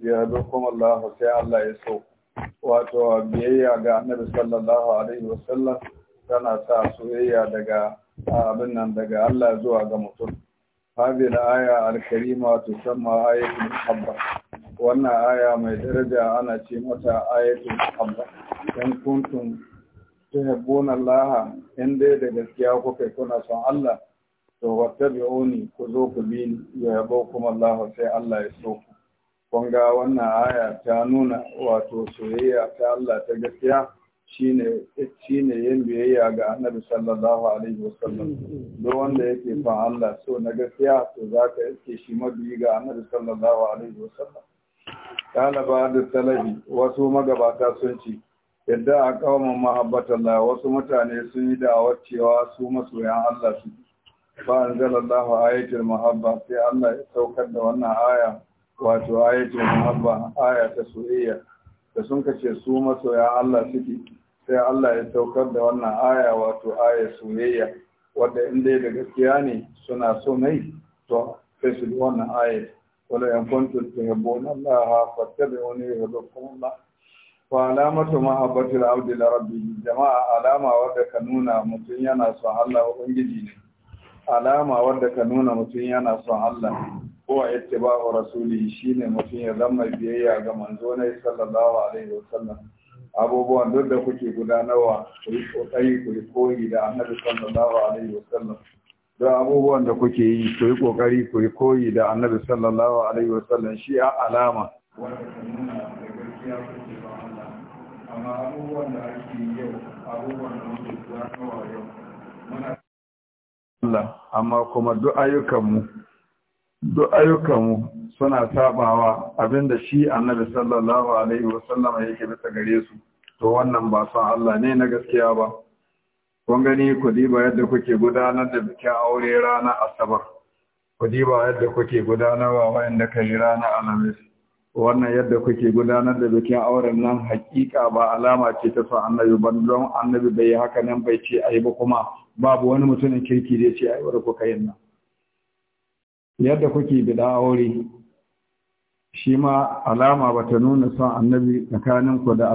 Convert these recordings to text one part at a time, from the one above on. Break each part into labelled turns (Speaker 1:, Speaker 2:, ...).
Speaker 1: yadda kuma Allah sai Allah ya so wato biyayya ga Annabi sallallahu alaihi sallam tana sa soyayya daga abin nan daga Allah zuwa ga mutum hadi da aya al-karima sama samma ayatul muhabba wannan aya mai daraja ana ce mata ayatul muhabba dan kuntum tuhibbuna Allah in dai da gaskiya kuka kuna son Allah to wattabi'uni ku zo ku bi ya yabo kuma Allah sai Allah ya so kun wannan aya ta nuna wato soyayya ta Allah ta gaskiya shine shine yin biyayya ga Annabi sallallahu alaihi wasallam duk wanda yake fa Allah so na gaskiya to zaka yake shi mabiyi ga Annabi sallallahu alaihi wasallam talaba da talabi wasu magabata sun ci, yadda a kawamin Allah wasu mutane sun yi da cewa su masoyan Allah su ba Allah ayatul mahabba sai Allah ya saukar da wannan aya wato ayatul muhabba aya ta soyayya da sun kace su masoya Allah suke sai Allah ya saukar da wannan aya wato aya soyayya wanda in dai da gaskiya ne suna so mai to sai su wannan aya wala in kuntum tuhibbuna Allah fattabi'uni yuhibbukum Allah wa alamatu al abdi li rabbih jama'a alama wadda ka nuna mutum yana son Allah ubangiji ne alama wadda ka nuna mutum yana son Allah kowa ya ce ba wa rasuli shi ne mutum ya zama biyayya ga manzo na sallallahu alaihi wasallam abubuwan duk da kuke gudanarwa ku yi kokari ku yi koyi da annabi sallallahu alaihi wasallam don abubuwan da kuke yi ku yi kokari ku yi koyi da annabi sallallahu alaihi wasallam shi a alama amma abubuwan da ake yau abubuwan da muke yau muna Allah amma kuma duk ayyukanmu duk ayyukanmu suna sabawa abinda shi annabi sallallahu alaihi wasallam yake bisa gare su to wannan ba sa Allah ne na gaskiya ba kun gani ku diba yadda kuke gudanar da bikin aure rana asabar ku diba yadda kuke gudanarwa wayanda ka yi rana alhamis wannan yadda kuke gudanar da bikin auren nan hakika ba alama ce ta son annabi ban don annabi bai haka nan bai ce ayi ba kuma babu wani mutumin kirki da ya ce ayi wa kuka yin nan yadda kuke bida aure shi ma alama ba ta nuna son annabi tsakaninku da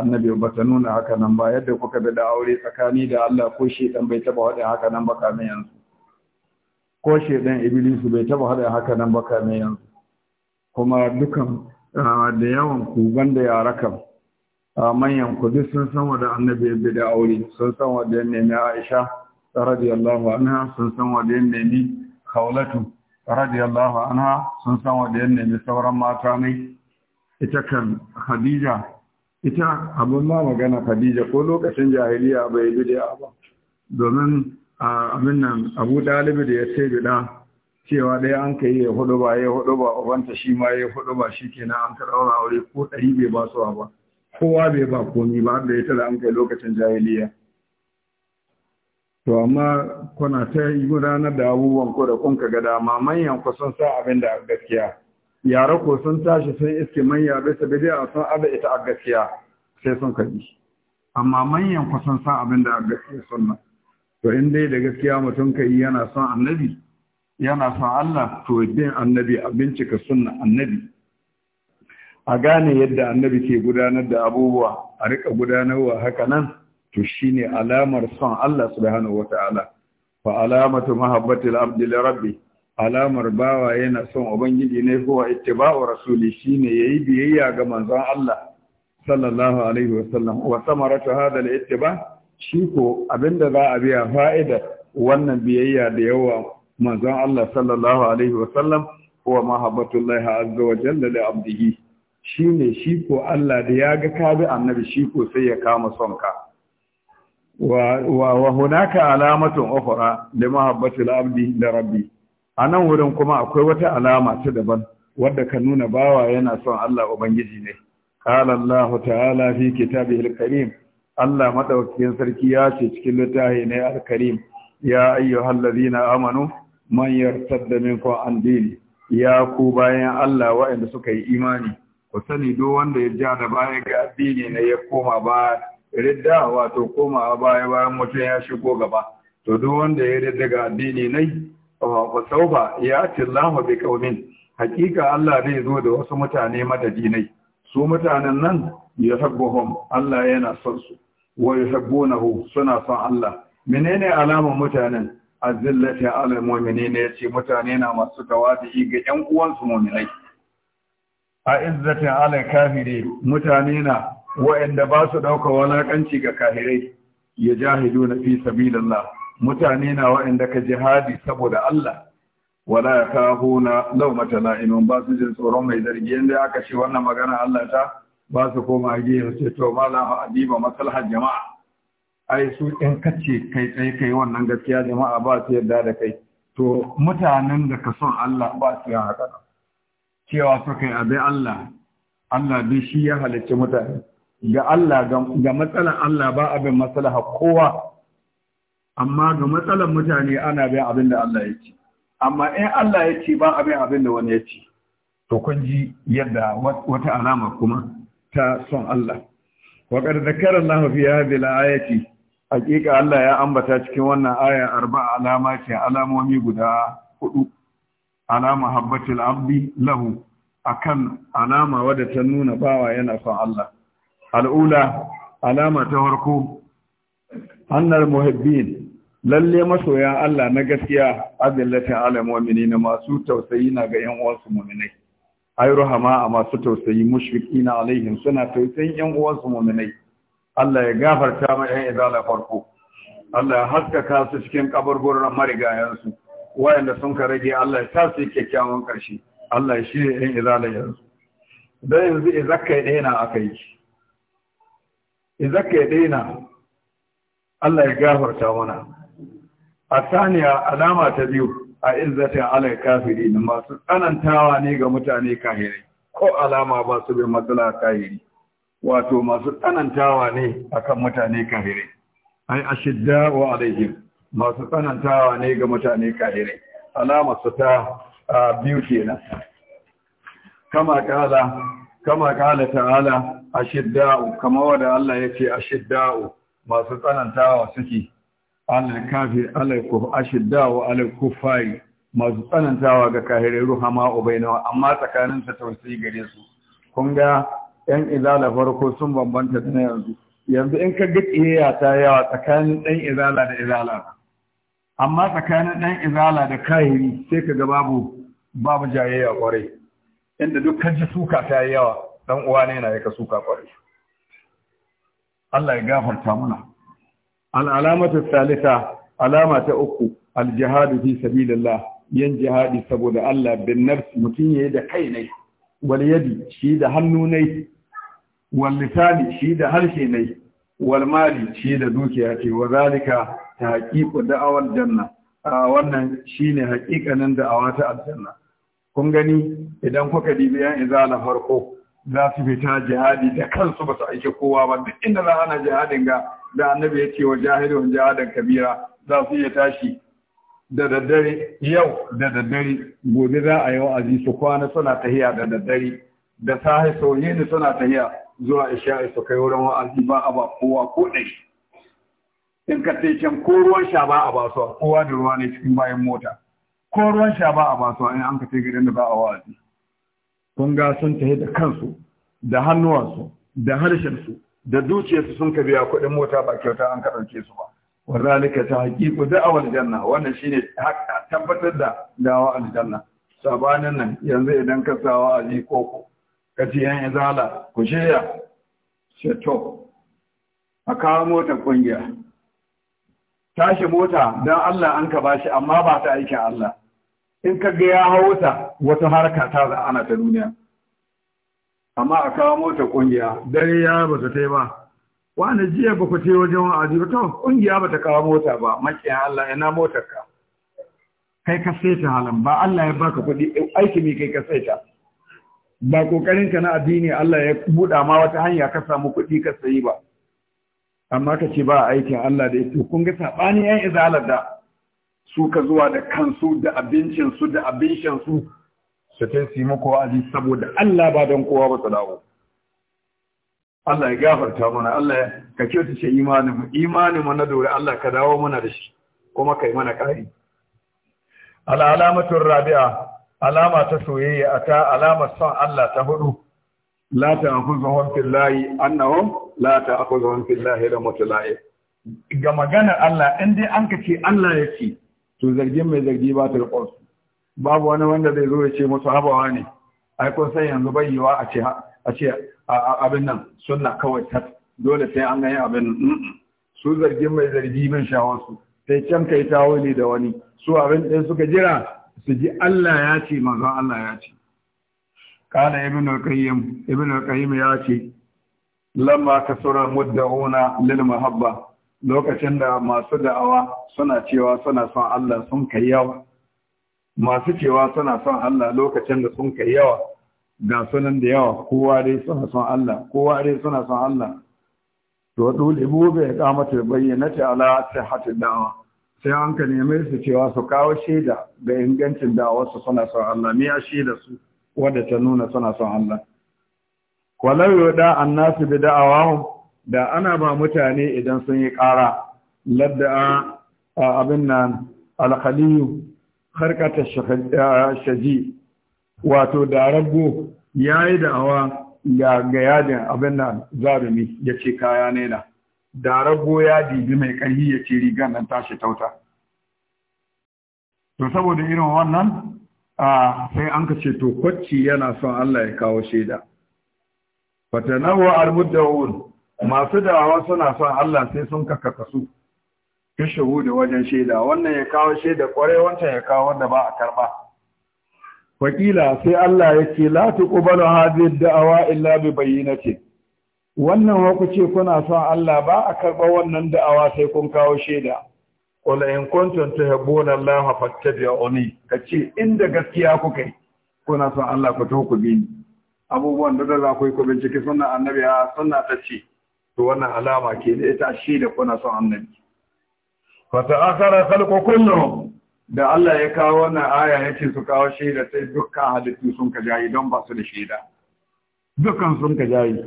Speaker 1: annabi ba ta nuna haka nan ba yadda kuka bida aure tsakani da Allah ko shedan bai taba haɗe haka nan ba kame yanzu ko shedan ibilisu bai taba haɗe haka nan ba kame yanzu kuma dukan da yawan ku banda yara kam manyan ku duk sun san wanda annabi ya bida aure sun san wanda ya nemi Aisha radiyallahu anha sun san wanda ya nemi kaulatu radiyallahu anha sun san wanda ya nemi sauran mata ne ita kan Khadija ita abin ma magana Khadija ko lokacin jahiliya bai da ba domin a abin nan Abu Dalib da ya ce bid'a cewa ɗaya an ka yi ya hudu ba ya hudu ba ubanta shi ma ya hudu ba shi kenan an ka daura aure ko ɗari bai ba su ba kowa bai ba komi ba da ita da an kai lokacin jahiliya to amma kuna ta gudanar da abubuwan ko da kun ga ma manyan ku sun sa abin da gaskiya yara ko sun tashi sun iske manya bisa a sun ada ita a gaskiya sai sun kaji amma manyan ku sun sa abin da gaskiya sunna to in dai da gaskiya mutum kai yana son annabi yana son Allah to din annabi a bincika sunna annabi a gane yadda annabi ke gudanar da abubuwa a rika gudanarwa haka nan to shine alamar son Allah subhanahu wataala fa alamatu Mahabbati abdi rabbi alamar bawa yana son ubangiji ne ko ittiba'u rasuli shine yayi biyayya ga manzon Allah sallallahu alaihi wasallam wa samaratu hadha al-ittiba shi ko abinda za a biya fa'ida wannan biyayya da yawa manzon Allah sallallahu alaihi wasallam wa azza wa jalla da abdihi shine shi ko Allah da ya ga ka bi annabi shi ko sai ya kama son ka wa hunaka alamatun ukhra li mahabbati al da rabbi anan wurin kuma akwai wata alama ta daban wadda ka nuna bawa yana son Allah ubangiji ne qala Allah ta'ala fi kitabihi al-karim Allah madaukakin sarki ya ce cikin littafi ne al-karim ya ayyuhal ladina amanu man yartadda minkum an dini ya ku bayan Allah waɗanda suka yi imani ku sani duk wanda ya ja da baya ga addini ne ya koma ba ridda wato koma a baya bayan mutum ya shigo gaba to duk wanda ya ridda ga addini nai fa sauba ya ci lahu bi qaumin hakika Allah zai zo da wasu mutane madadinai su mutanen nan ya sabbuhum Allah yana son su wa yusabbunahu suna son Allah menene alamar mutanen azillati ne ya yace mutane na masu tawadi ga ƴan uwansu mu'minai a izzatin ala kafiri mutane na wa'anda ba su ɗauka walakanci ga kahirai ya jahidu na fi sabilillah mutane na wa'anda ka jihadi saboda Allah wala ya kaho na laumata la'imin ba su jin tsoron mai zargi yadda aka ce wannan magana Allah ta ba su koma gehe ce to mala adiba maslahar jama'a ai su in kace kai tsaye kai wannan gaskiya jama'a ba su yarda da kai to mutanen da ka son Allah ba su yi cewa su kai abin Allah Allah bi shi ya halicci mutane ga Allah ga matsalan Allah ba abin maslaha kowa amma ga matsalan mutane ana bin abin da Allah ya ce amma in Allah ya ce ba abin abin da wani ya ce to kun ji yadda wata alama kuma ta son Allah wa qad zakara Allah fi hadhihi al-ayati haqiqa Allah ya ambata cikin wannan aya arba'a alama ce alamomi guda hudu alama habbatul abdi lahu akan alama wadda ta nuna bawa yana son Allah al'ula alama ta farko annar muhibbin lalle masoya Allah na gaskiya azillatin alam na masu tausayi na ga yan uwansu mu'minai ay rahama a masu tausayi mushfiqina alaihim suna tausayin yan uwansu mu'minai Allah ya gafarta ma yan izala farko Allah ya haskaka su cikin kaburburan marigayansu. wayanda sun ka rage Allah ya sa kyakkyawan karshe Allah ya shirya yan izala yanzu dan yanzu izakkai ɗaya na aka yi izaka ya daina Allah ya gafarta mana a saniya alama ta biyu a izzatin alal kafiri masu tsanantawa ne ga mutane kahirai ko alama ba su bai matsala kahiri wato masu tsanantawa ne akan mutane kahirai ai ashidda wa alaihim masu tsanantawa ne ga mutane kahirai alama su ta biyu kenan kama kala kama kala ta'ala ashidda'u kamar wanda Allah yake ashidda'u masu tsanantawa suke Allah kafir Allah ku ashidda'u alal kufai masu tsanantawa ga kahirai ruhama ubaina amma tsakanin sa tausayi gare su kun ga yan izala farko sun bambanta da yanzu yanzu in ka ga iyaya ta yawa tsakanin ɗan izala da izala amma tsakanin ɗan izala da kahiri sai ka ga babu babu jayayya kwarai inda duk kan ji suka ta yawa dan uwa ne na ya suka kwari Allah ya gafarta muna. al alamatu salisa alama ta uku al jihadu fi sabilillah yan jihadi saboda Allah bin nafs mutun yayi da kai ne wal yadi shi da hannu ne wal lisani shi da harshe ne wal mali shi da dukiya ce wa zalika tahqiqu da'awal janna wannan shine haƙiƙanin da'awa ta aljanna kun gani idan kuka dibi yan izala farko za su fita jihadi da kansu ba su aike kowa ba duk inda za ana jihadin ga da annabi ya ce wa jahilun jihadin kabira za su iya tashi da daddare yau da daddare gobe za a yi wa'azi su kwana suna tahiya da daddare da sahi sau ne suna tahiya zuwa isha'i su kai wurin wa'azi ba a ba kowa ko ɗai in ka ce can ko ruwan sha ba a ba su kowa da ruwa ne cikin bayan mota ko ruwan sha ba a ba su in an ka ce gidan da ba a wa'azi kun ga sun tafi da kansu da hannuwansu da harshensu da dukiyarsu sun ka biya kuɗin mota ba kyauta an ka su ba wazalika ta haƙiƙu da'awar janna wannan shine tabbatar da dawa janna sabanin nan yanzu idan ka sawa aji koko ka ce yan izala ku shirya sheto a kawo motar ƙungiya tashi mota don Allah an ka bashi amma ba ta aikin Allah in ka ga ya hau ta wata harka ta za ana ta duniya amma a kawo mota ƙungiya dare ya ba ta taiba wani jiya ba ku ce wajen wa'azi ba to ƙungiya ba ta kawo mota ba ya Allah ina motar ka kai ka saita halan ba Allah ya baka kuɗi aiki mi kai ka saita ba kokarin ka na addini Allah ya buɗa ma wata hanya ka samu kuɗi ka sayi ba amma ka ce ba aikin Allah da ya kun ga sabani yan izalar da su ka zuwa da kansu da abincinsu da abincinsu su ta yi muku wa'azi saboda Allah ba don kowa ba su Allah ya gafarta mana Allah ka kyauta ce imaninmu imaninmu na dore Allah ka dawo mana da shi kuma ka yi mana kari. Al'alamatun rabi'a alama ta soyayya a ta alamar son Allah ta hudu la ta akuzahun fillahi annahum la ta akuzahun fillahi da layi. Ga magana Allah in dai an ka ce Allah ya ce to zargin mai zargi ba ta riƙon su babu wani wanda zai zo ya ce musu habawa ne ai kun san yanzu bai yiwa a ce a ce abin nan sunna kawai ta dole sai an gani abin su zargin mai zargi bin shawarsu sai can kai tawuli da wani su abin ɗin suka jira su ji Allah ya ce manzon Allah ya ce kana ibn al-qayyim ibn al-qayyim ya ce lamma kasura mudda'una lil mahabba lokacin da masu da'awa suna cewa suna son Allah sun kai yawa masu cewa suna son Allah lokacin da sun kai yawa ga sunan da yawa kowa dai suna son Allah kowa dai suna son Allah to dole ibu bai mata bayyana ta ala sihhatu da'awa sai an ka neme su cewa su kawo shaida ga ingancin da'awar su suna son Allah me ya shaida su wanda ta nuna suna son Allah walau yuda annasu bi da'awahum da ana ba mutane idan sun yi ƙara ladda abin nan alkhaliyu harkata shaji wato da rago ya yi da'awa ga yajin abin nan zarumi ya ce kaya nena da rago ya dibi mai ƙarfi ya ce rigar nan tashi tauta to saboda irin wannan sai an kace to kwacci yana son Allah ya kawo shaida fatanahu al-mudda'un masu dawa suna son Allah sai sun kakkasu fi da wajen shaida wannan ya kawo shaida kwarai wancan ya kawo wanda ba a karba wakila sai Allah ya ce la tuqbalu hadhihi da'awa illa bi bayyinati wannan wa kuce kuna son Allah ba a karba wannan da'awa sai kun kawo shaida qul in kuntum tuhibbuna Allah fattabi'uni kace inda gaskiya kuka yi kuna son Allah ku to ku bi abubuwan da za ku yi ku bincike sunna annabi sunna ta ce to wannan alama ke da ita shi da kuna son annabi fa ta'akhara khalqu kulluhum da Allah ya kawo wannan aya yace su kawo shaida sai dukkan halittu sun ka jayi don ba su da shaida dukkan sun ka jayi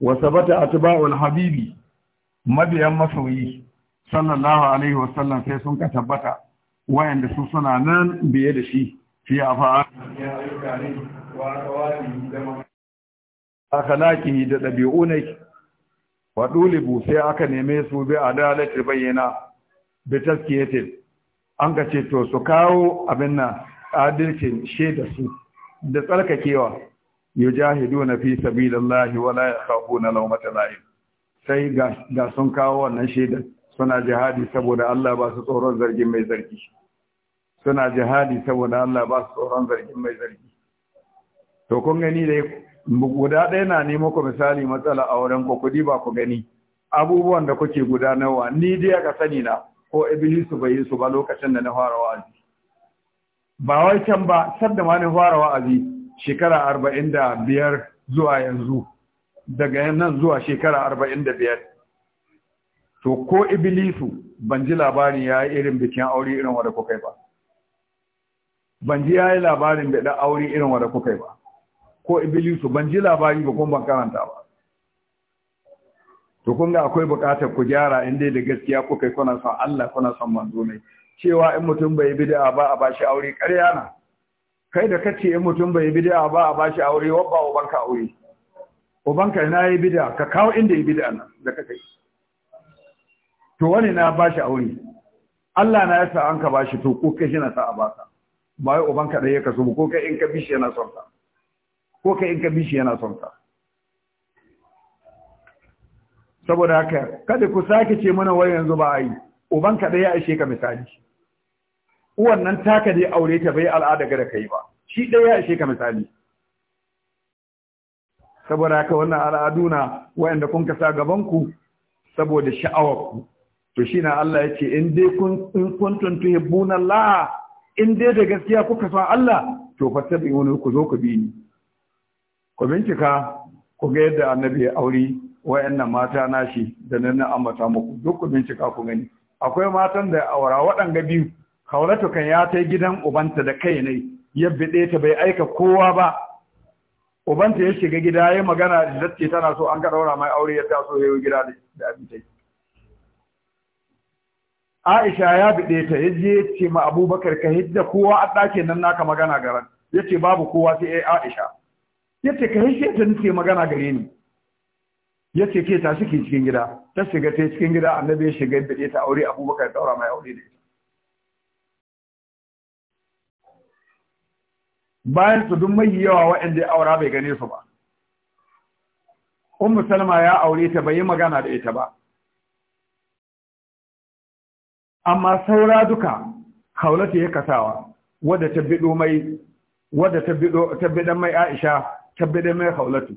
Speaker 1: wa sabata atba'ul habibi mabiyan masoyi sallallahu alaihi wasallam sai sun ka tabbata wayanda su suna nan biye da shi fi afa'a ya ayyuka ne wa da ɗabi'u ne wa bu sai aka neme su bi adalati bayyana bi taskiyatin an ka ce to su kawo abin nan adalcin shaida su da tsarkakewa yujahiduna fi sabilillahi wa la yakhafuna lawmata la'im sai ga sun kawo wannan shaidar suna jihadi saboda Allah ba su tsoron zargin mai zargi suna jihadi saboda Allah ba su tsoron zargin mai zargi to kun gani dai guda ɗaya na nemo ku misali matsala a wurin ku kuɗi ba ku gani abubuwan da kuke gudanarwa ni dai aka sani na ko iblisu bai yi su ba lokacin da na fara wa'azi ba wai can ba sadda ma na fara wa'azi shekara arba'in da biyar zuwa yanzu daga nan zuwa shekara arba'in da biyar to ko iblisu ban ji labarin ya yi irin bikin aure irin wadda kuka ba ban ji ya yi labarin da aure irin wadda kuka ba ko ibilisu ban ji labari ba kuma ban karanta ba to kun ga akwai buƙatar ku gyara inda da gaskiya ku kai kuna son Allah kuna son manzo ne cewa in mutum bai bid'a ba a bashi aure ƙarya na kai da kace in mutum bai bid'a ba a bashi aure wabba ka aure ubanka na yi bid'a ka kawo inda yi bid'a nan da kake to wani na bashi aure Allah na yasa an ka bashi to ko kai shi na sa a baka Bai uban ka dai ya kasu ko kai in ka bishi yana son ka ko kai in ka bishi yana son ka saboda haka kada ku sake ce mana wai yanzu ba a yi uban ka ya ishe ka misali uwan nan taka dai aure ta bai al'ada ga kai ba shi dai ya ishe ka misali saboda haka wannan al'adu na wayanda kun ka sa gaban ku saboda sha'awar ku to shi na Allah yake in dai kun kuntum tuhibbuna Allah in dai da gaskiya kuka san Allah to wani ku zo ku bi ni ku bincika ku ga yadda annabi ya auri wayannan mata nashi da nan ambata muku duk ku bincika ku gani akwai matan da aura waɗanga biyu kaulatu kan ya tai gidan ubanta da kai ne ya bide ta bai aika kowa ba ubanta ya shiga gida ya magana da dace tana so an ka daura mai aure ya taso ya yi gida da abinci Aisha ya bide ta ya je ce ma Abubakar ka hidda kowa a ɗakin nan naka magana garan yace babu kowa sai Aisha ya ce ka haishe ta nufi magana gare ni ya ce ke ta suke cikin gida ta shiga ta cikin gida annabi ya shiga da ta aure abubakar ya daura mai aure da ita bayan su duk mai yawa waɗanda ya aura bai gane su ba ummu salma ya aure ta bai yi magana da ita ba amma saura duka haulata ya kasawa wadda ta bido mai wadda ta bido ta bidan mai Aisha tabbide mai haulatu,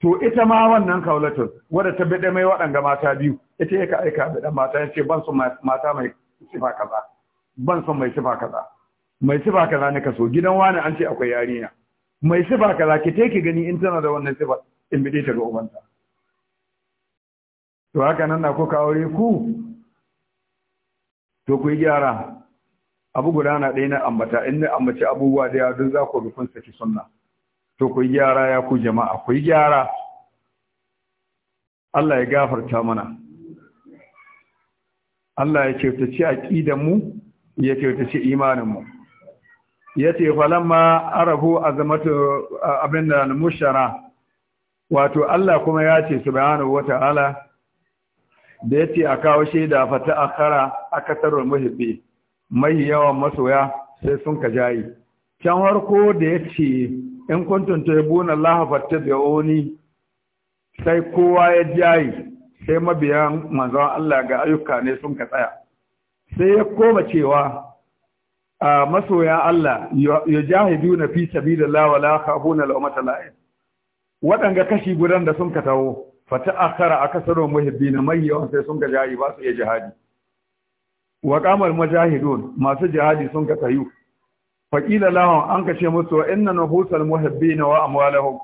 Speaker 1: to ita ma wannan kaulatun wadda tabbide mai waɗanga mata biyu ita yake aika da mata ya ce ban su mata mai sifa kaza ban son mai sifa kaza mai sifa kaza ne kaso gidan wani an ce akwai yarinya mai sifa kaza ki take gani in tana da wannan sifa in bide ta ga ubanta to haka nan na kuka aure ku to ku yi gyara abu guda na ɗaya na ambata in na ambaci abubuwa da yawa za ku rufin saki sunna to ku gyara ya ku jama'a ku gyara Allah ya gafarta mana Allah ya kyautace aqidan mu ya kyautace imanin mu yace falamma arahu azamatu abinda na mushara wato Allah kuma ya ce wata ala da yace a kawo shaida fata akara akatarul muhibbi mai yawan masoya sai sun ka jayi can harko da yace in ya buna Allah fattabi'uni sai kowa ya jayi sai mabiyan manzon Allah ga ayyuka ne sun ka tsaya sai ya koma cewa a masoya Allah yujahiduna fi sabilillah wala khafuna laumata la'i waɗanga kashi gudan da sun ka taho fata akara akasarun muhibbina mai yawan sai sun ka jayi ba su iya jihadi wa qamal mujahidun masu jihadi sun ka tayu faƙila lahun an ka ce musu wa inna nuhusal na wa amwalahum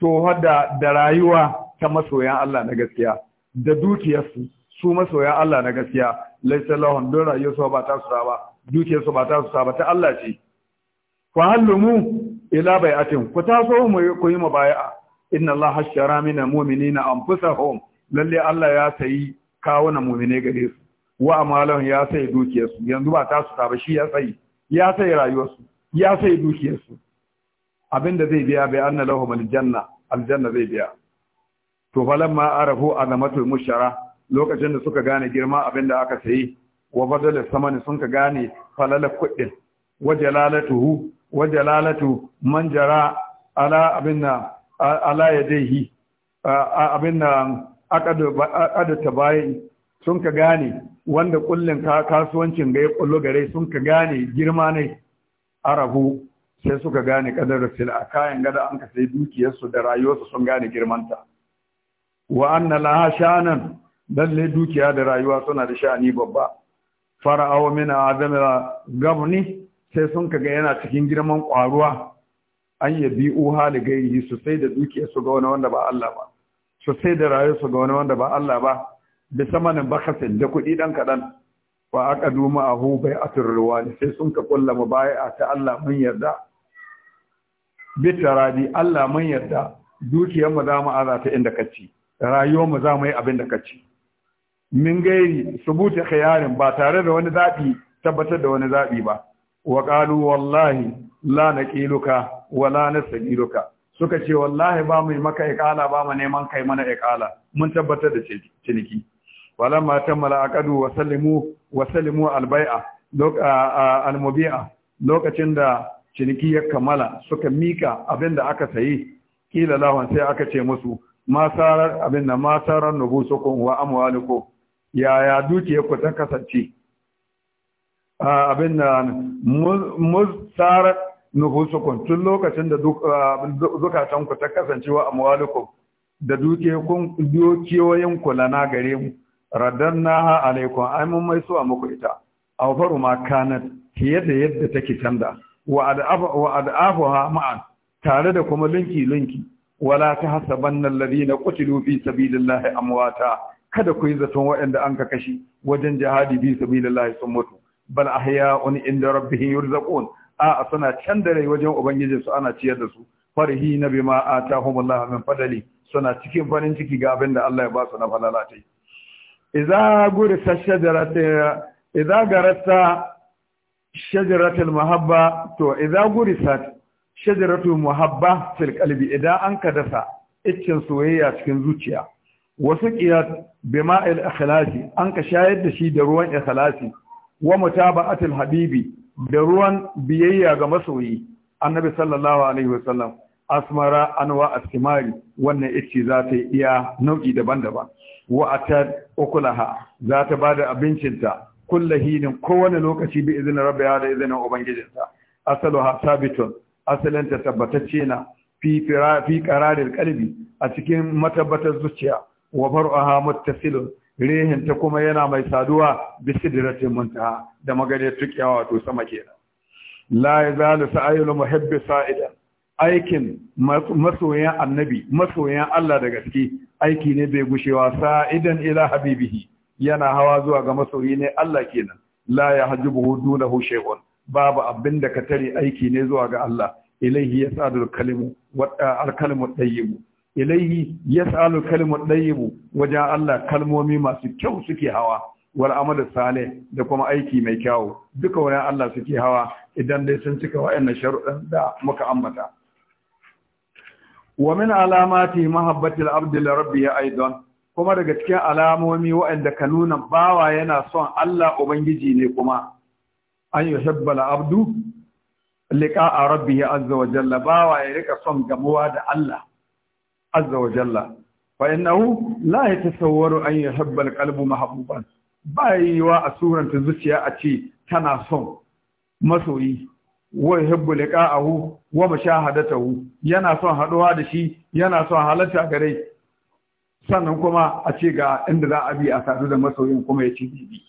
Speaker 1: to hada da rayuwa ta masoyan Allah na gaskiya da dukiyarsu su masoyan Allah na gaskiya laisa lahun don su ba ta su ba dukiyarsu ba ta su ba ta Allah ce fa hallumu ila bai'atin ku taso mu ku yi mubai'a inna Allah hashara mina mu'minina anfusahum lalle Allah ya sayi kawunan mu'mine gare su wa amalahum ya sayi dukiyarsu yanzu ba ta su ba shi ya sayi ya sai rayuwarsu ya sai dukiyarsu abinda zai biya bai anna janna aljanna aljanna zai biya to falamma arafu azamatul mushara lokacin da suka gane girma abinda aka sayi wa badala samani sun ka gane falala kuɗin wa jalalatuhu wa jalalatu man jara ala abinna ala yadayhi abinna aqad tabayi sun ka gane wanda kullin kasuwancin ga ya kullu gare sun ka gane girma ne arahu sai suka gane kadar sila kayan gada an ka sai dukiyarsu da rayuwarsu sun gane girmanta wa anna laha shanan lalle dukiya da rayuwa suna da sha'ani babba fara'awa min adamira gabni sai sun kaga yana cikin girman kwaruwa an bi uha da gairi su sai da dukiyar ga wani wanda ba Allah ba su sai da rayuwar ga wani wanda ba Allah ba da samanin bakasin da kuɗi dan kaɗan wa aka duma a hu bai atur ruwani sai sun ka kulla mubaya ta Allah mun yarda bitaradi Allah mun yarda dukiyar mu za mu azata inda kaci rayuwar mu za mu yi abin da kaci min gairi subuta khiyarin ba tare da wani zabi tabbatar da wani zabi ba wa qalu wallahi la naqiluka wa la nasabiluka suka ce wallahi ba mu maka ikala ba mu neman kai mana ikala mun tabbatar da ciniki walamma tammala aqadu wa sallimu wa sallimu albai'a almubi'a lokacin da ciniki ya kamala suka mika abinda aka sayi kila lawan sai aka ce musu ma sarar abinda ma sarar nubusukum wa amwaliku ya ya yaya ku ta kasance abinda muz sarar nubusukum tun lokacin da ah, ku ta kasance wa amwaliku da kun kula na gare mu radannaha alaikum ai mun mai suwa muku ita aw faru ma kanat fiye da yadda take canza wa ad'afa wa ad'afuha ma'an tare da kuma linki linki wala ta tahsabanna alladhina qutilu fi sabilillahi amwata kada ku yi zaton waɗanda an ka kashi wajen jihadi bi sabilillahi sun mutu bal ahya'un inda rabbihim yurzaqun a suna can da rai wajen ubangijinsu ana ciyar da su Farhi na bima atahumullahu min fadali suna cikin farin ciki ga abin da Allah ya ba su na falalatai idza gurisa shajarata idza garata shajaratul mahabba to idza muhabba fil idan an dasa iccin soyayya cikin zuciya wasu qiyat bima'il ikhlasi an ka shayar da shi da ruwan ikhlasi wa mutaba'atul habibi da ruwan biyayya ga masoyi annabi sallallahu alaihi wasallam asmara anwa astimari wannan icce za ta iya nau'i daban-daban wa atat ukulaha za ta bada abincinta hinin kowane lokaci bi izinin rabbi ya da izinin ubangijinta ha sabitun asalinta tabbatacce na fi fi qararin a cikin matabbatar zuciya wa far'aha muttasilun rehin ta kuma yana mai saduwa bi sidratin muntaha da magare tukiyawa to sama kenan la yazalu sa'ilu muhibbi sa'idan aikin masoyan annabi masoyan Allah da gaske aiki ne bai gushe gushewa sa'idan ila habibihi yana hawa zuwa ga masoyi ne Allah kenan la ya yahjubuhu dunahu shay'un babu abin da ka tare aiki ne zuwa ga Allah ilaihi ya kalimu wa ɗayyibu eh, kalimu ya ɗayyibu wajen Allah kalmomi masu kyau suke hawa wal amalu sale da kuma aiki mai kyau duka wani Allah suke hawa idan dai sun cika wa'annan sharuɗan da muka ambata wa min alamati mahabbatil abdi li rabbih aidan kuma daga cikin alamomi waɗanda ka nuna bawa yana son Allah ubangiji ne kuma an yuhibba al abdu liqa'a rabbih azza wa jalla bawa ya rika son gamuwa da Allah azza wa jalla fa innahu la yatasawwaru an yuhibba al qalbu mahbuban bai yiwa a suranta zuciya a ce tana son masoyi wa yuhibbu liqa'ahu wa mushahadatahu yana son haduwa da shi yana son halatta gare sannan kuma a ce ga inda za a bi a sadu da masoyin kuma ya ci bibi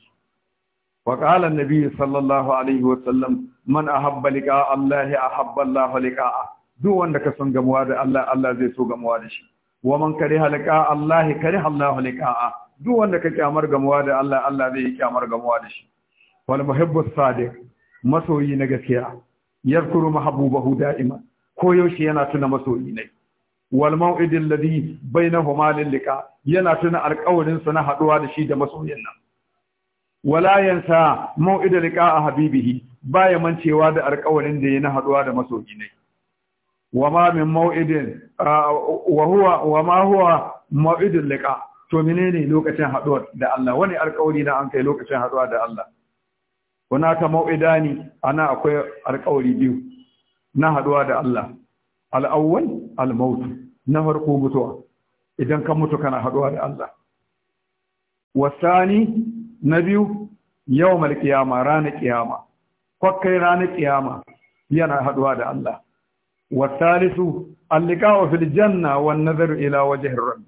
Speaker 1: wa qala an sallallahu alaihi wa sallam man ahabba liqa'a Allah ahabba Allah liqa'a duk wanda ka son gamuwa da Allah Allah zai so gamuwa da shi wa man kariha liqa'a Allah kariha Allah liqa'a duk wanda ka kyamar gamuwa da Allah Allah zai kyamar gamuwa da shi wal muhibbu sadiq masoyi na gaskiya Yarkuru mahbubahu da'ima ko yaushe yana tuna masoyi ne wal bai ladhi bainahuma lil liqa yana tuna alƙawarin sa na haduwa da shi da masoyin nan wala yansa maw'idil liqa habibihi baya mancewa da alƙawarin da yana haduwa da masoyi ne wama min maw'idin wa huwa wama huwa maw'idil liqa to menene lokacin haduwar da Allah wani alƙawari da an kai lokacin haduwa da Allah hunaka mau'idani ana akwai alƙawari biyu na haɗuwa da Allah al-awwal al-maut na farko mutuwa idan ka mutu kana haɗuwa da Allah wasani na biyu yawmal qiyama ranar qiyama kwakkai ranar qiyama yana haɗuwa da Allah wasalisu al-liqa'u fil janna wan nazaru ila wajhi rabbi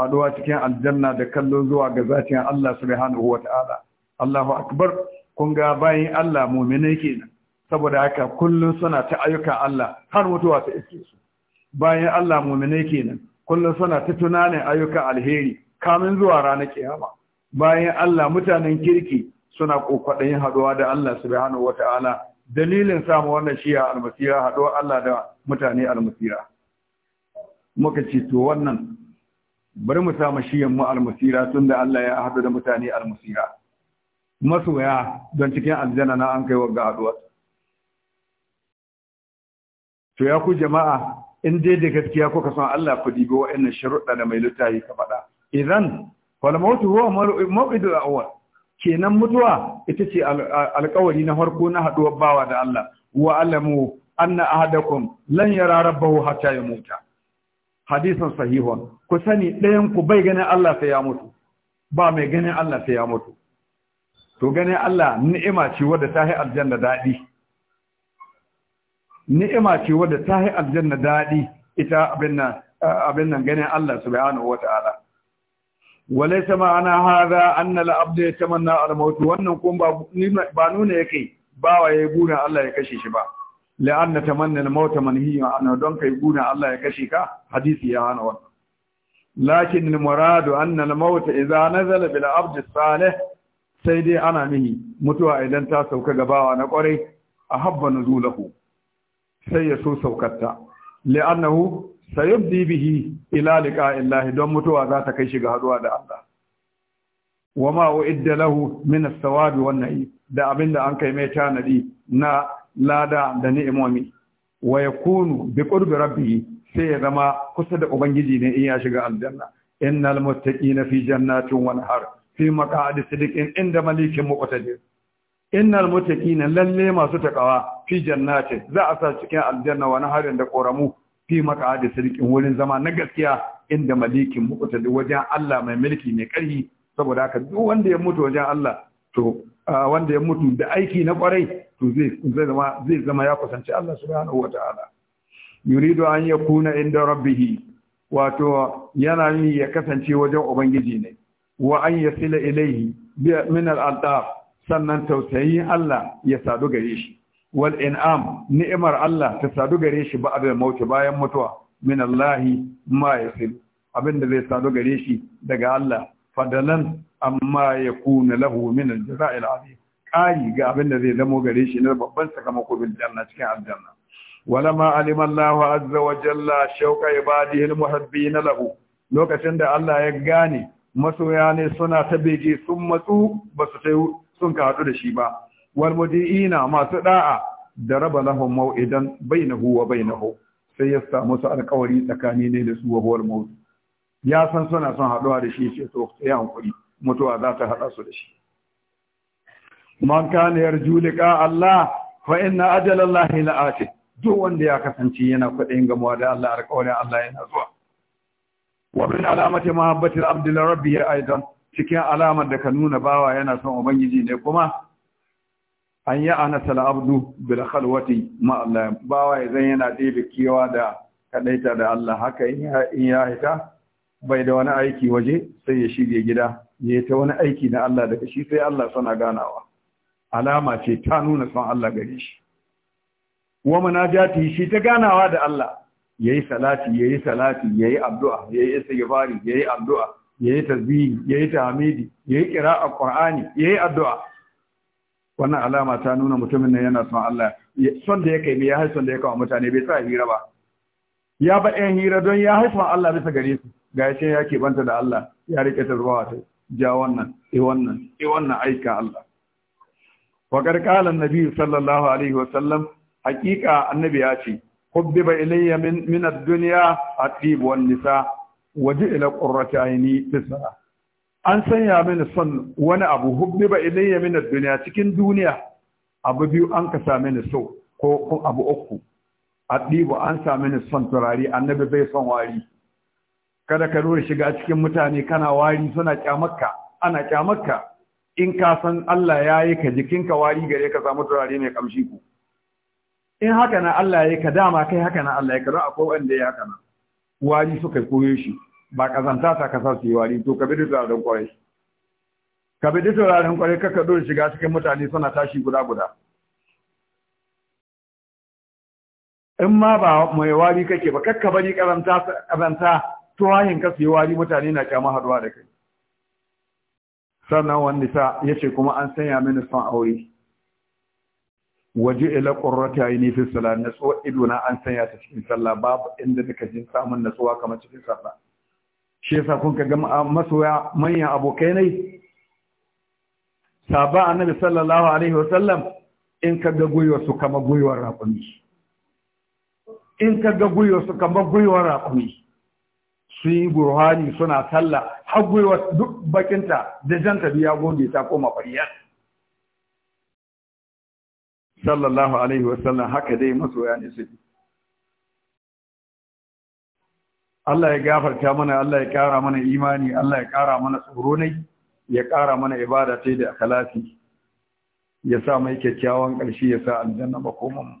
Speaker 1: Haɗuwa cikin aljanna da kallo zuwa ga zatin Allah subhanahu wa ta'ala Allahu akbar kun ga bayan Allah muminai kenan saboda haka kullum suna ta ayyukan Allah har mutuwa ta iske su bayan Allah muminai kenan kullum suna ta tunanin ayyukan alheri kamin zuwa ranar kiyama bayan Allah mutanen kirki suna kokwaɗayin haɗuwa da Allah subhanahu wata'ala dalilin samu wannan shiya almasira haɗuwa Allah da mutane almasira muka ce to wannan bari mu samu shiyan mu almasira tunda Allah ya haɗu da mutane almasira masoya don cikin aljanna na an kai ga haduwa to ya ku jama'a in dai da gaskiya kuka san Allah ku dibi wa'annan sharuɗa da mai littafi ka faɗa idan wal mautu huwa mawqidu al-awwal kenan mutuwa ita ce alƙawari na farko na haduwar bawa da Allah wa alamu anna ahadakum lan yara rabbahu hatta yamuta hadisan sahihun ku sani ɗayan ku bai ganin Allah sai ya mutu ba mai ganin Allah sai ya mutu to ganin Allah ni'ima ce wadda ta yi aljanna daɗi ni'ima ce wadda ta yi aljanna daɗi ita abin nan abin nan ganin Allah subhanahu wata'ala walaysa ma'ana hadha anna al-abd yatamanna al-maut wannan kun ba ba nuna yake ba yayi guna Allah ya kashe shi ba la'anna tamanna al-maut manhiyun anna don kai guna Allah ya kashe ka hadisi ya hana wannan lakin al-murad anna al-maut idha nazala bil-abd salih sai dai ana mini mutuwa idan ta sauka gabawa na kwarai a habba na zulahu sai ya so saukarta li'annahu sayubdi bihi ila liqa'illahi don mutuwa za ta kai shi ga haduwa da Allah wama uidda lahu min as wa an na'i da abinda an kai mai tanadi na lada da ni'imomi wa yakunu bi qurbi sai ya zama kusa da ubangiji ne in ya shiga aljanna innal muttaqina fi jannatin wa nahar fi maqadi sidiqin inda malikin muqtadir innal muttaqina lalle masu takawa fi jannati za a sa cikin aljanna wani harin da koramu fi maqadi sidiqin wurin zama na gaskiya inda malikin muqtadir wajen Allah mai mulki mai karhi saboda haka duk wanda ya mutu wajen Allah to wanda ya mutu da aiki na kwarai to zai zama zai zama ya kusanci Allah subhanahu wataala yuridu an yakuna inda rabbihi wato yana yi ya kasance wajen ubangiji ne wa an yasila ilayhi min al'adar, sannan tausayin Allah ya sadu gare shi wal in'am ni'imar Allah ta sadu gare shi mauti bayan mutuwa min Allah ma yasil abin da zai sadu gare shi daga Allah fadalan amma ya lahu min al-jaza'il azim kari ga abin da zai zamo gare shi na babban sakamako bil janna cikin aljanna ولما علم الله عز وجل شوق عباده المحبين له Lokacin da Allah ya gane masoya ne suna ta bege sun matsu ba su sai sun ka haɗu da shi ba wal mudiina masu da'a da raba lahum mau'idan bainahu wa bainahu sai ya sa musu alƙawari tsakani ne da su wa huwal maut ya san suna son haɗuwa da shi ce to yi hankuri mutuwa za ta haɗa su da shi man kana yarju liqa Allah fa inna ajala Allah la'ati duk wanda ya kasance yana kwaɗayin gamuwa da Allah alƙawarin Allah yana zuwa wa min alamati mahabbatil abdi li aidan cikin alamar da ka nuna bawa yana son ubangiji ne kuma an yi ana abdu bil khalwati ma Allah bawa idan yana dibe kewa da kadaita da Allah haka in ya hita bai da wani aiki waje sai ya shige gida ya ta wani aiki na Allah daga shi sai Allah sana ganawa alama ce ta nuna son Allah gare shi wa munajati shi ta ganawa da Allah yayi salati yayi salati yayi addu'a yayi istighfari yayi addu'a yayi tasbihi yayi tahmidi yayi qira'a qur'ani yayi addu'a wannan alama ta nuna mutumin nan yana son Allah son da yake ya haifa son da yake wa mutane bai tsaya hira ba ya ba ɗayan hira don ya haifa Allah bisa gare su ga ya ce ya da Allah ya riƙe ta zuwa ta ja wannan eh wannan eh wannan aika Allah wa qad nabi sallallahu alaihi wa sallam haqiqa annabi ya ce hubbiba ilayya min min ad-dunya at nisa waji an sanya mini son wani abu hubbiba ilayya min ad-dunya cikin duniya abu biyu an ka same ni so ko abu uku adibu an sami ni son turare annabi bai son wari kada ka rura shiga cikin mutane kana wari suna kyamarka ana kyamarka in ka san Allah ya yi ka jikinka wari gare ka samu turare mai kamshi ku in haka na Allah ya ka dama kai haka na Allah ya ka don akwai wanda ya haka na wari suka koyo shi ba kazanta ta kasa su yi wari to ka bi turaren kwarai ka bi turaren kwarai kaka dole shiga cikin mutane suna tashi guda guda in ma ba mai wari kake ba kakka bari kazanta kazanta tuwahin ka su yi wari mutane na kyama haduwa da kai sannan wani sa ya ce kuma an sanya mini son aure waje ila qurrata ayni fi salat natsuwa idona an sanya ta cikin sallah babu inda nika jin samun natsuwa kamar cikin sallah shi yasa kun ga masoya manyan abokai ne saba annabi sallallahu alaihi wasallam in ka ga guyuwar su kama guyuwar raƙumi in ka ga guyuwar su kama guyuwar raƙumi sun yi burhani suna sallah har guyuwar duk bakinta da janta biya goge ta koma fariyar sallallahu alaihi wasallam haka dai masoya ne suke Allah ya gafarta mana Allah ya ƙara mana imani Allah ya ƙara mana tsoro ya ƙara mana ibada ta da akhlasi ya sa mai kyakkyawan ƙarshe ya sa aljanna makomanmu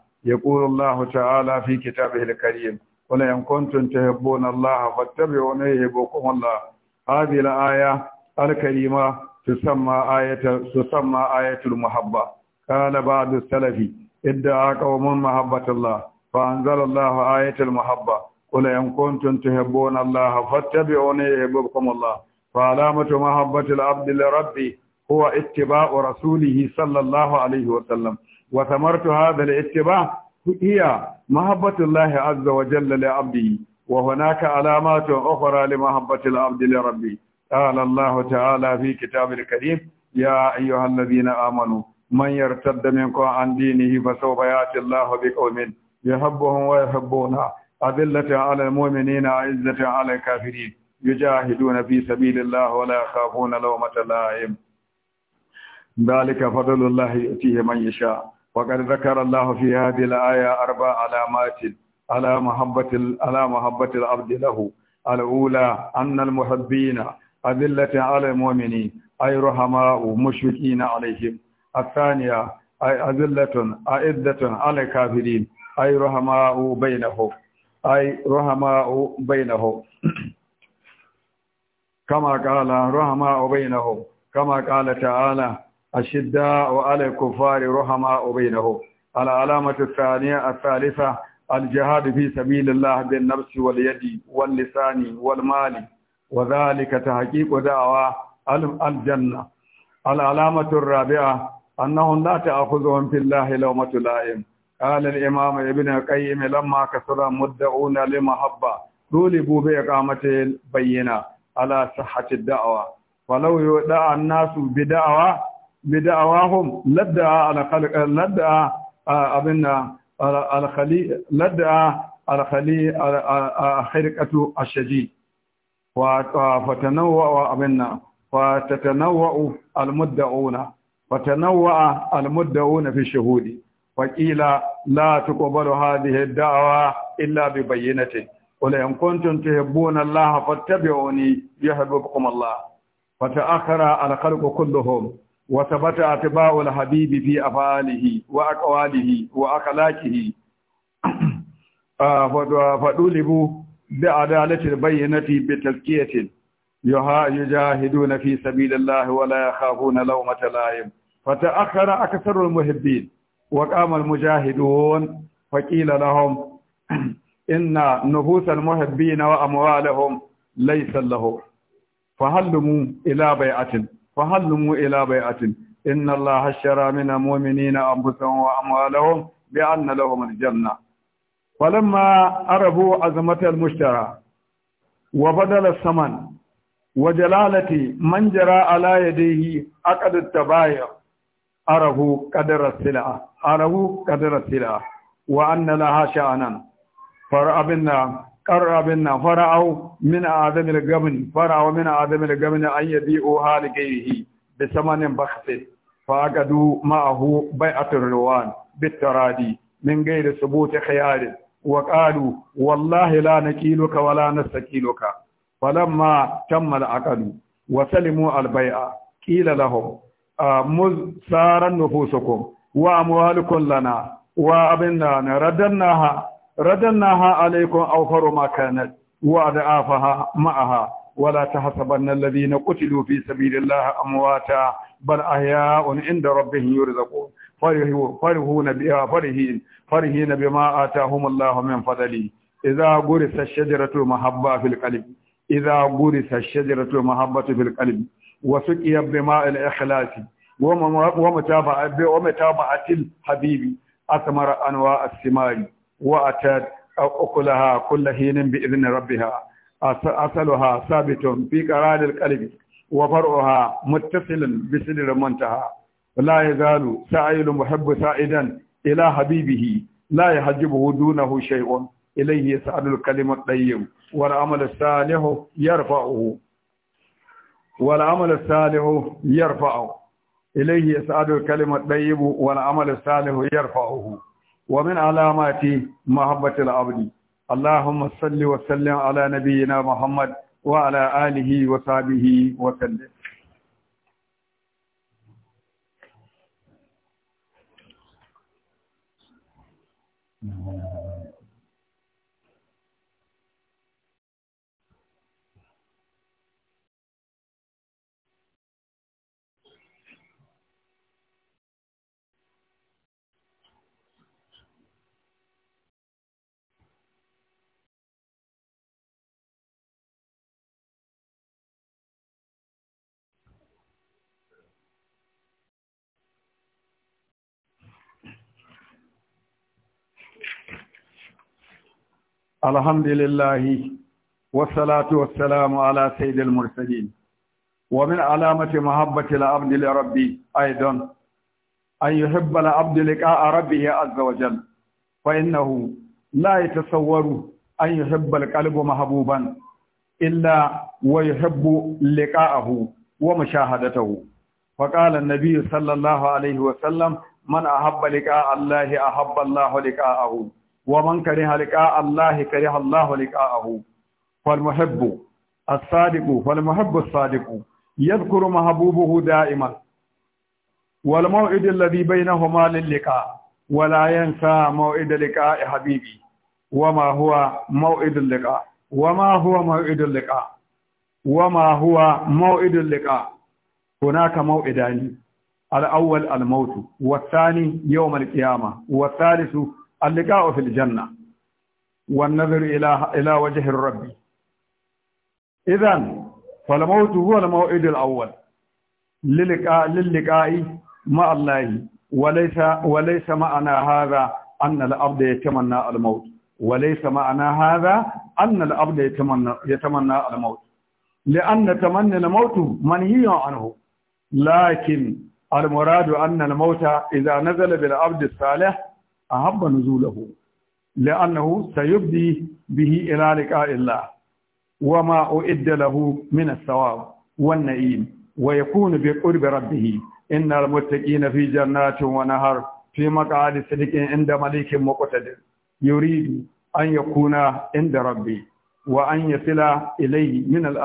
Speaker 1: يقول الله تعالى في كتابه الكريم قل إن كنتم تحبون الله فاتبعوني يحبكم الله هذه الآية الكريمة تسمى آية تسمى آية المحبة قال بعض السلف ادعى قوم محبة الله فأنزل الله آية المحبة قل إن كنتم تحبون الله فاتبعوني يحبكم الله فعلامة محبة العبد لربه هو اتباع رسوله صلى الله عليه وسلم وثمرت هذا الاتباع هي محبة الله عز وجل لعبده وهناك علامات أخرى لمحبة العبد لربه قال الله تعالى في كتاب الكريم يا أيها الذين آمنوا من يرتد منكم عن دينه فسوف يأتي الله بقوم يحبهم ويحبونه أذلة على المؤمنين أعزة على الكافرين يجاهدون في سبيل الله ولا يخافون لومة لائم ذلك فضل الله يؤتيه من يشاء وقد ذكر الله في هذه الآية أربع علامات على محبة على محبة العبد له الأولى أن المحبين أذلة على المؤمنين أي رحماء مشفقين عليهم الثانية أي أذلة أعدة على الكافرين أي رحماء بينهم أي رحماء بينهم كما قال رحماء بينهم كما قال تعالى الشداء وعلى الكفار رحماء بينهم العلامة الثانية الثالثة الجهاد في سبيل الله بالنفس واليد واللسان والمال وذلك تحقيق دعوة الجنة العلامة الرابعة أنهم لا تأخذهم في الله لومة لائم قال الإمام ابن القيم لما كثر مدعون لمحبة طولبوا بإقامة البينة على صحة الدعوة ولو يدعى الناس بدعوة بدعواهم لدعا على خلق لدعا آه، أبنا على خلي لدعا على خلي على آه، آه، خرقة الشديد وتتنوع أبنا وتتنوع المدعون وتنوع المدعون في الشهود وقيل لا تقبل هذه الدعوة إلا ببينة قل إن كنتم تحبون الله فاتبعوني يحببكم الله فتأخر على خلق كلهم wa sabata atba'ul habibi fi afalihi wa aqwalihi wa akhlaqihi fadulibu bi adalatil bayyinati bi tazkiyatin يجاهدون في سبيل الله ولا يخافون لومة لائم فتأخر أكثر المحبين وقام المجاهدون فقيل لهم إن نفوس المحبين وأموالهم ليس له فهلموا إلى بيعة فهلموا إلى بيعة إن الله اشترى من المؤمنين أنفسهم وأموالهم بأن لهم الجنة فلما أربوا عظمة المشترى وبدل الثمن وجلالة من جرى على يديه أقد التبايع أره قدر السلعة أره قدر السلعة وأن لها شأنا فرأبنا qarrabin na fara'au min azamin gamni fara'au min azamil gamni an yabi'u haligaihi bi samanin bakhsin fa aqadu ma'ahu bai'atul ruwan bitaradi min ghairi subut khiyar wa qalu wallahi la kiloka wa la Falon ma, tamma al-aqdu wa salimu albai'a baia qila lahum muz saran wa amwalukum lana wa na ha. radannaha alaikum aw haruma kanat wa da'afaha ma'aha ولا تحسبن الذين قتلوا في سبيل الله أمواتا بل أحياء عند ربهم يرزقون فرحون بها فرحين فرحين بما آتاهم الله من فضله إذا غرس الشجرة المحبة في القلب إذا غرس الشجرة المحبة في القلب وسقي بماء الإخلاص ومتابعة ومتابعة الحبيب أثمر أنواع الثمار وأتت أكلها كل حين بإذن ربها أصلها ثابت في قرار القلب وفرعها متصل بسدر منتهى لا يزال سائل محب سائدا إلى حبيبه لا يحجبه دونه شيء إليه يسعد الكلم الطيب والعمل الصالح يرفعه والعمل الصالح يرفعه إليه يسعد الكلم الطيب والعمل الصالح يرفعه ومن علامات محبة العبد اللهم صل وسلم على نبينا محمد وعلى آله وصحبه وسلم Mm-hmm. الحمد لله والصلاة والسلام على سيد المرسلين ومن علامة محبة العبد لربه أيضا أن يحب العبد لقاء ربه عز وجل فإنه لا يتصور أن يحب القلب محبوبا إلا ويحب لقاءه ومشاهدته فقال النبي صلى الله عليه وسلم من أحب لقاء الله أحب الله لقاءه ومن كره لقاء الله كره الله لقاءه فالمحب الصادق فالمحب الصادق يذكر محبوبه دائما والموعد الذي بينهما للقاء ولا ينسى موعد لقاء حبيبي وما هو موعد اللقاء وما هو موعد اللقاء وما هو موعد اللقاء هناك موعدان الأول الموت والثاني يوم القيامة والثالث اللقاء في الجنة والنظر إلى إلى وجه الرب إذا فالموت هو الموعد الأول للقاء للقاء مع الله وليس وليس معنى هذا أن الأرض يتمنى الموت وليس معنى هذا أن الأرض يتمنى يتمنى الموت لأن تمني الموت منهي عنه لكن المراد أن الموت إذا نزل بالأرض الصالح ahabba nuzulahu la'annahu sayubdi bihi ila liqa'illah wa ma u'idda lahu min as-sawab wan na'im wa yakunu bi qurbi rabbih innal muttaqina fi jannatin wa nahar fi maq'adi sidqin inda malikin muqtadir yuridu an yakuna inda rabbi wa an yasila ilayhi min al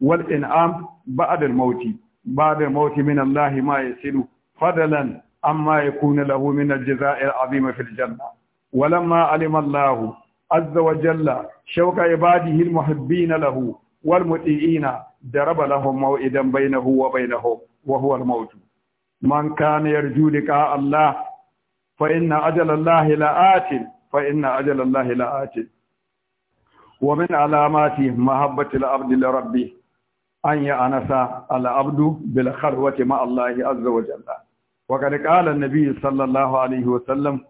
Speaker 1: wal in'am ba'da al-mauti ba'da mauti min Allah ma yasilu fadalan amma yakunu lahu min al-jazaa'i al-'azim fi al-janna walamma 'alima Allahu 'azza wa jalla shawqa ibadihi al-muhibbin lahu والمطيعين ضرب لهم موعدا بينه وبينهم وهو الموت من كان يرجو لقاء الله فإن أجل الله لآت فإن أجل الله لآت ومن علاماته محبة العبد لربه أن يأنس العبد بالخلوة مع الله عز وجل وقد قال النبي صلى الله عليه وسلم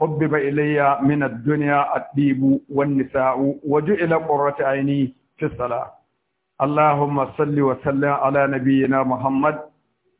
Speaker 1: حبب إلي من الدنيا الطيب والنساء وجعل قرة عيني في الصلاة اللهم صل وسلم على نبينا محمد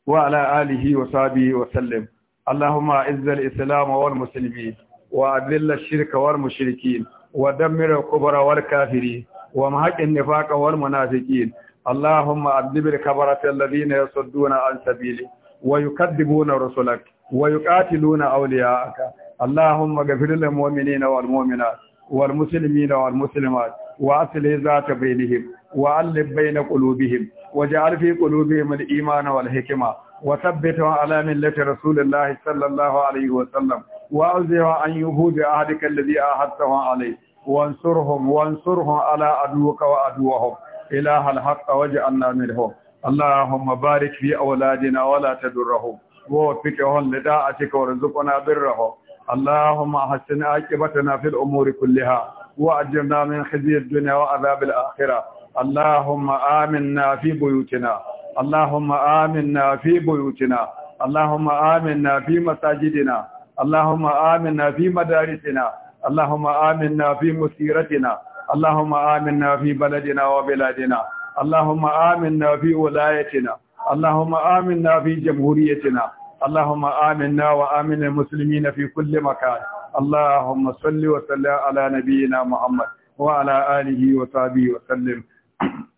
Speaker 1: وعلى آله وصحبه وسلم اللهم أعز الإسلام والمسلمين وأذل الشرك والمشركين ودمر الكبر والكافرين ومحق النفاق والمنافقين اللهم أذب الكبرة الذين يصدون عن سبيلك wa yukadibuna rasulak wa yuqatiluna awliya'aka allahumma ghfir lil mu'minina wal mu'minat wal muslimina wal muslimat wa aslih zata bainihim wa alif baina qulubihim waj'al fi qulubihim al imana wal hikma wa thabbithu ala millati rasulillahi sallallahu alayhi wa sallam wa awzi'u an yuhudu ahadika alladhi وانصرهم وانصرهم على عدوك وعدوهم إله الحق واجعلنا منهم اللهم بارك في أولادنا ولا تدرهم ووفقهم لداعتك وارزقنا برهم اللهم حسن عاقبتنا في الأمور كلها وأجرنا من خزي الدنيا وعذاب الآخرة اللهم آمنا في بيوتنا اللهم آمنا في بيوتنا اللهم آمنا في مساجدنا اللهم آمنا في مدارسنا اللهم آمنا في مسيرتنا اللهم آمنا في بلدنا وبلادنا اللهم آمنا في ولايتنا اللهم آمنا في جمهوريتنا اللهم آمنا وآمن المسلمين في كل مكان اللهم صل وسلم على نبينا محمد وعلى آله وصحبه وسلم